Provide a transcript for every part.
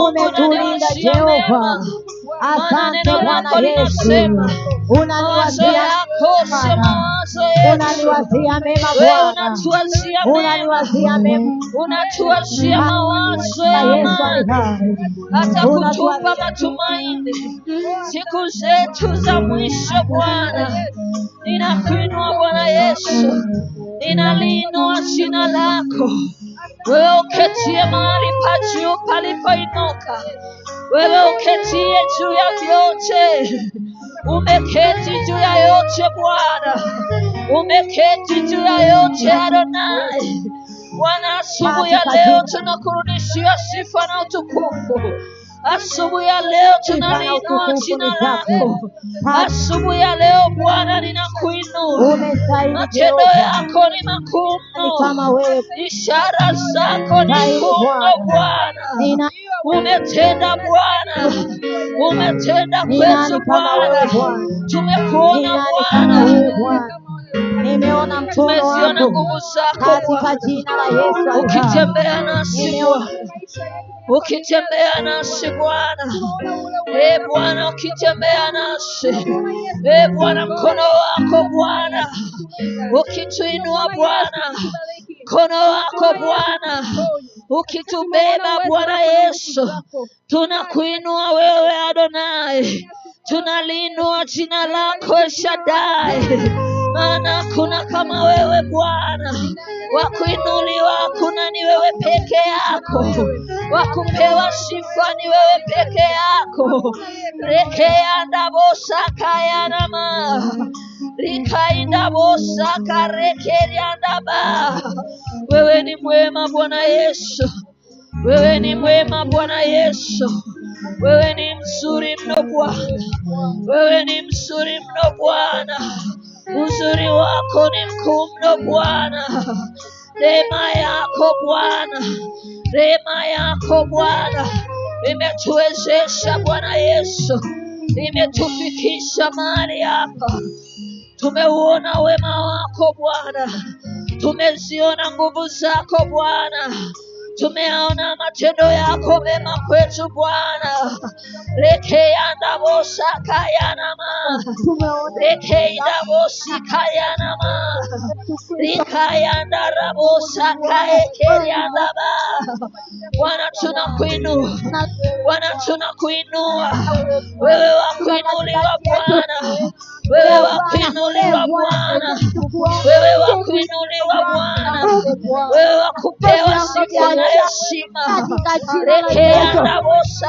umetulinda Jehova. Asante Bwana Yesu. Eh. unaniwazia mema Bwana, unaniwazia mema, unatuachia mawazo ya amani, hata kutupa matumaini siku zetu za mwisho. Bwana, ninakuinua Bwana Yesu, ninaliinua jina lako wewe uketie mahali pa juu palipoinuka, wewe uketie juu ya vyote umeketi juu ya yote Bwana, umeketi juu ya yote Adonai. Bwana, asubuhi ya leo tunakurudishia sifa na utukufu. Asubuhi ya leo tunaliinua jina lako. Asubuhi ya leo Bwana, ninakuinua. Matendo yako ni makuu mno, ishara zako ni kuu mno Bwana umetenda Bwana, umetenda kwetu Bwana, tumekuona Bwana nimeona mkono wako katika jina la Yesu, ukitembea nasi ukitembea nasi Bwana, e Bwana, ukitembea nasi e Bwana, mkono wako Bwana ukituinua Bwana mkono wako Bwana ukitubeba Bwana Yesu, tunakuinua wewe Adonai, tunaliinua jina lako Eshadai, maana kuna kama wewe Bwana, wakuinuliwa hakuna, ni wewe peke yako, wakupewa sifa ni wewe peke yako rekeandabosakayanamaa likainda bosa karekeriandaba. Wewe ni mwema Bwana Yesu, wewe ni mwema Bwana Yesu, wewe ni mzuri mno Bwana, wewe ni mzuri mno Bwana, uzuri wako ni mkuu mno Bwana, rema yako Bwana, rema yako Bwana imetuwezesha Bwana Yesu, imetufikisha mahali hapa. Tumeuona wema wako Bwana, tumeziona nguvu zako Bwana, tumeona matendo yako mema kwetu Bwana. rekeyandabosakayanama rekeyandabosikayanama Likayanda rabosa kaekeriandaba. Bwana tunakuinua, Bwana tunakuinua, wewe wakuinuliwa Bwana, wewe wakuinuliwa Bwana, wewe wakuinuliwa Bwana, wewe wakupewa sifa na heshima. Rekeanda bosa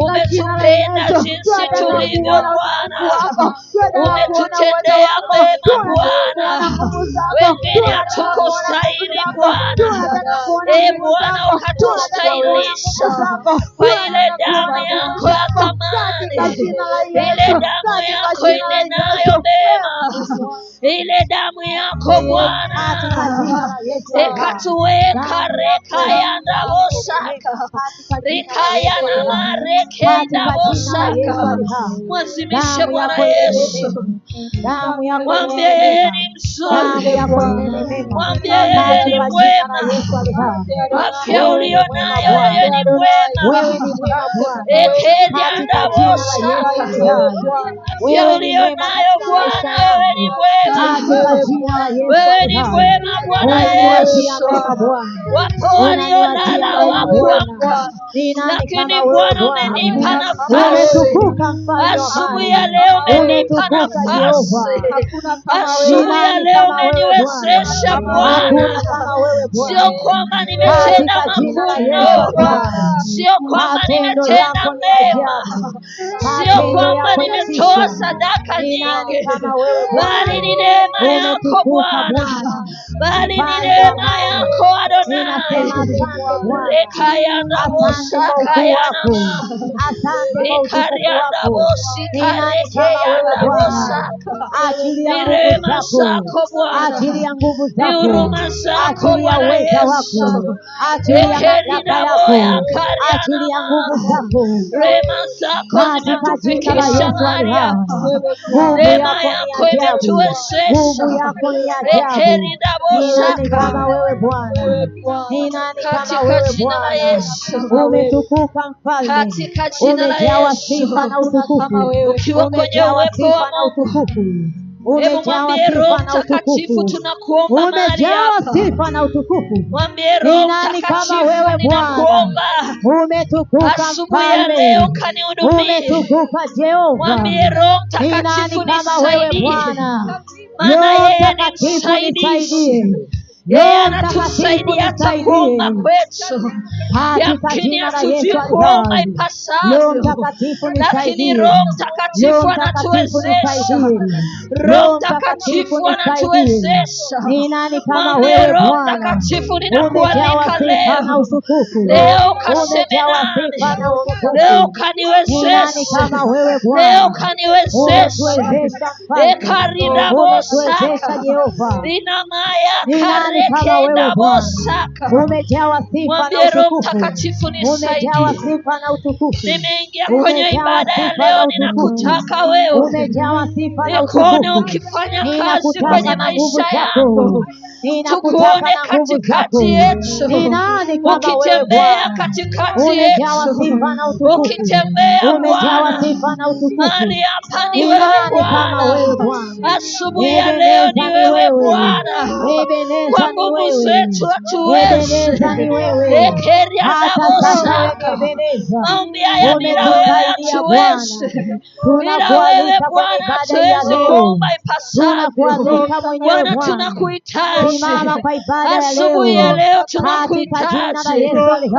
umetupenda jinsi tulivyo Bwana, umetutendea mema Bwana, wengine hatukustahili Bwana, e Bwana, ukatustahilisha kwa ile damu yako ya thamani, ile damu yako inenayo mema ile damu yako Bwana ikatuweka rekayandabosaka rikayanamarekendabosaka mwazimishe Bwana Yesu, mwambie yeye ni Mwambie yeye ni mwema, afya uliyo nayo yeye ni mwema. Ekeliandabosa, afya uliyo nayo Bwana wewe ni mwema, wewe ni mwema Bwana Yesu. Wako waliolala wakuamka, lakini Bwana umenipa nafasi asubuhi ya leo, umenipa nafasi asubuhi ya leo umeniwezesha Bwana, sio kwamba nimetenda makuu, sio kwamba nimetenda mema, sio kwamba nimetoa sadaka nyingi, bali ni neema yako Bwana, bali ni neema yako Adonai. rekayandabosakayana ikariandabosi ni rema zako achilia nguvu zako, achilia uweza wako, achilia mamlaka yako, achilia nguvu zako Baba, katika Yesu aliye nguvu yako ni ajabu, nguvu yako ni ajabu. Ni nani kama wewe Bwana? Ni nani kama wewe Bwana? Umetukuka Mfalme, umejawa sifa na utukufu, umejawa sifa na utukufu umejawa sifa na utukufu, Ni nani kama wewe Bwana? Umetukuka Mfalme, umetukuka Jehova. Ni nani kama wewe Bwana? Roho Mtakatifu nisaidie yeye anatusaidia atakuona kwetu, yamkini hatuji kuomba ipasavyo, lakini Roho Mtakatifu anatuwezesha. Roho Mtakatifu anatuwezesha. Mwambie Roho Mtakatifu, ninakualika leo, leo ukaseme nami, leo ukaniwezesha, leo ukaniwezesha ekaridabosaka rinamaya umejaa Roho Mtakatifu, nisaidie. Nimeingia kwenye ibada ya leo, ninakutaka wewe nikuone ukifanya kazi kwenye maisha yangu, tukuone katikati yetu, ukitembea katikati yetu, ukitembea Bwana mali hapa, ni wewe Bwana. Asubuhi ya leo ni wewe Bwana. Baba zetu wewe, udereza ni wewe, atasaka maombi haya ni la wewe, tunakualika kwa ibada ya leo, tunakualika mwenyewe Bwana, simama kwa ya leo katika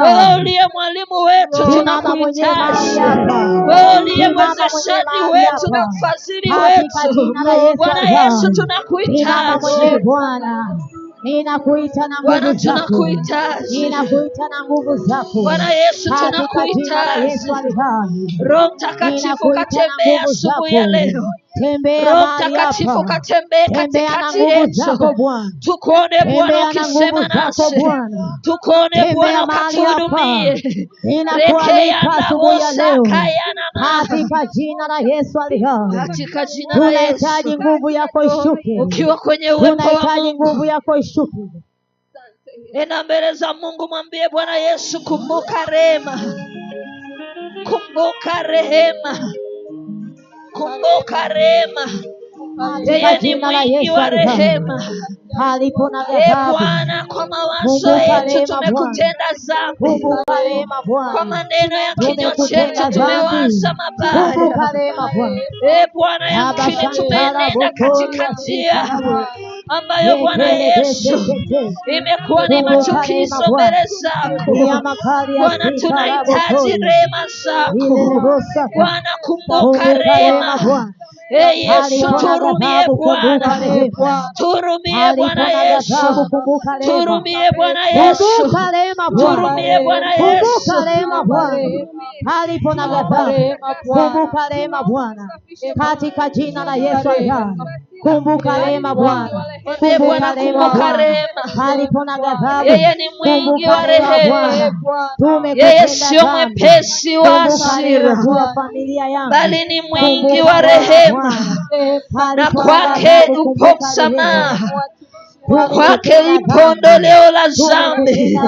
Wewe uliye mwalimu wetu tunakuhitaji, wewe uliye mwezeshaji wetu na mfadhili wetu, Bwana Yesu tunakuhitaji. Ninakuita na nguvu zako. Ninakuita na nguvu zako. Bwana Yesu tunakuita. Roho Mtakatifu katembea asubuhi ya leo. Roho Mtakatifu katembee katikati yetu, tukuone Bwana ukisema nasi, tukuone Bwana ukatuhudumie. Katika jina la Yesu aliyo, tunahitaji nguvu yako ishuke, ukiwa kwenye uwepo nguvu yako ishuke. Enda mbele za Mungu, mwambie Bwana Yesu, kumbuka rehema, kumbuka rehema kumbuka rema yeye ni mwingi wa rehema. E Bwana, kwa mawazo yetu tumekutenda dhambi, kwa maneno ya kinywa chetu tumewaza mabaya. E Bwana, yamkini tumenenda katika njia ambayo Bwana Yesu imekuwa ni machukizo mbele zako Bwana, tunahitaji rehema zako Bwana, kumbuka rehema Ee Yesu, turumie Bwana, turumie Bwana Yesu, turumie Bwana Yesu, turumie Bwana Yesu, alipo na kumbuka rehema Bwana, katika jina la Yesu alihaa Kumbuka rehema Bwana, kumbuka rehema. Alipona ghadhabu, yeye ni mwingi wa rehema. Yeye sio mwepesi wa hasira, bali ni mwingi wa rehema, na kwake upo msamaha Kwake ipo ondoleo la zambi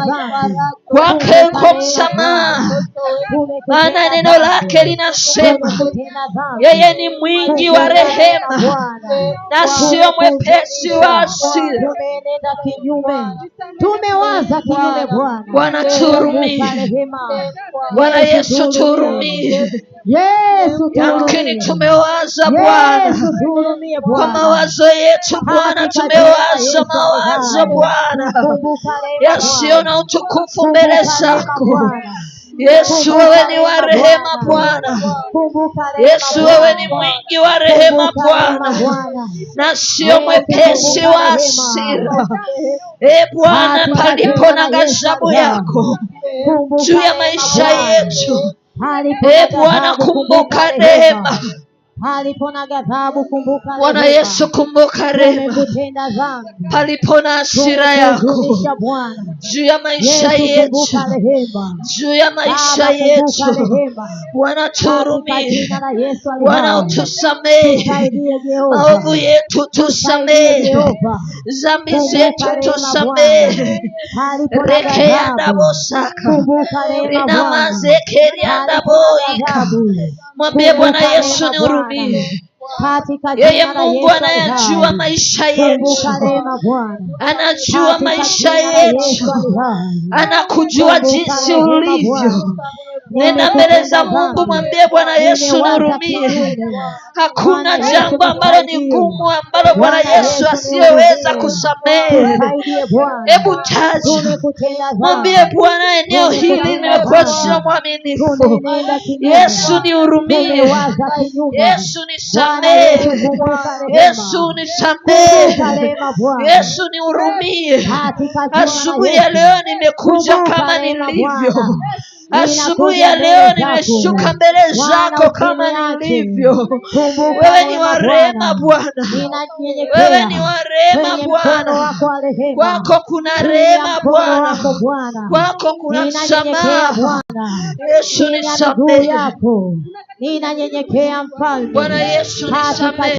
kwake uko msamaha, maana neno lake linasema yeye ni mwingi wa rehema na sio mwepesi wa hasira. Tumewaza kinyume. Bwana Bwana Yesu tuhurumie. Yamkini tumewaza Bwana, kwa mawazo yetu Bwana tumewaza mawazo Bwana yasiyo na utukufu mbele zako. Yesu wewe ni wa rehema Bwana, Yesu wewe ni mwingi wa rehema Bwana, na sio mwepesi wa hasira. E Bwana, palipo na ghadhabu yako juu ya maisha yetu, e Bwana, kumbuka rehema Palipona ghadhabu kumbuka. Bwana Yesu, kumbuka rehema. na hasira yako juu ya maisha yetu, juu ya maisha yetu, Bwana turumi Bwana utusamehe maovu yetu, tusamehe zambi zetu, tusamehe rekeandabosaka rinamazekeriandaboika Mwambie Bwana Yesu nihurumie. Yeye Mungu anayajua maisha yetu, anajua maisha yetu, anakujua jinsi ulivyo Nenda mbele za Mungu, mwambie Bwana Yesu, nihurumie. Hakuna jambo ambalo ni gumu ambalo Bwana Yesu asiyeweza kusamehe. Hebu taja, mwambie Bwana, eneo hili nimekuwa sio mwaminifu. Yesu nihurumie, Yesu nisamehe, Yesu nisamehe, Yesu nihurumie. Asubuhi ya leo nimekuja kama nilivyo Asubuhi ya leo nimeshuka mbele zako kama nilivyo. Wewe ni warema Bwana, wewe ni warema Bwana. Kwako kuna rehema Bwana, kwako kuna msamaha. Yesu nisamehe Bwana, Yesu nisamehe.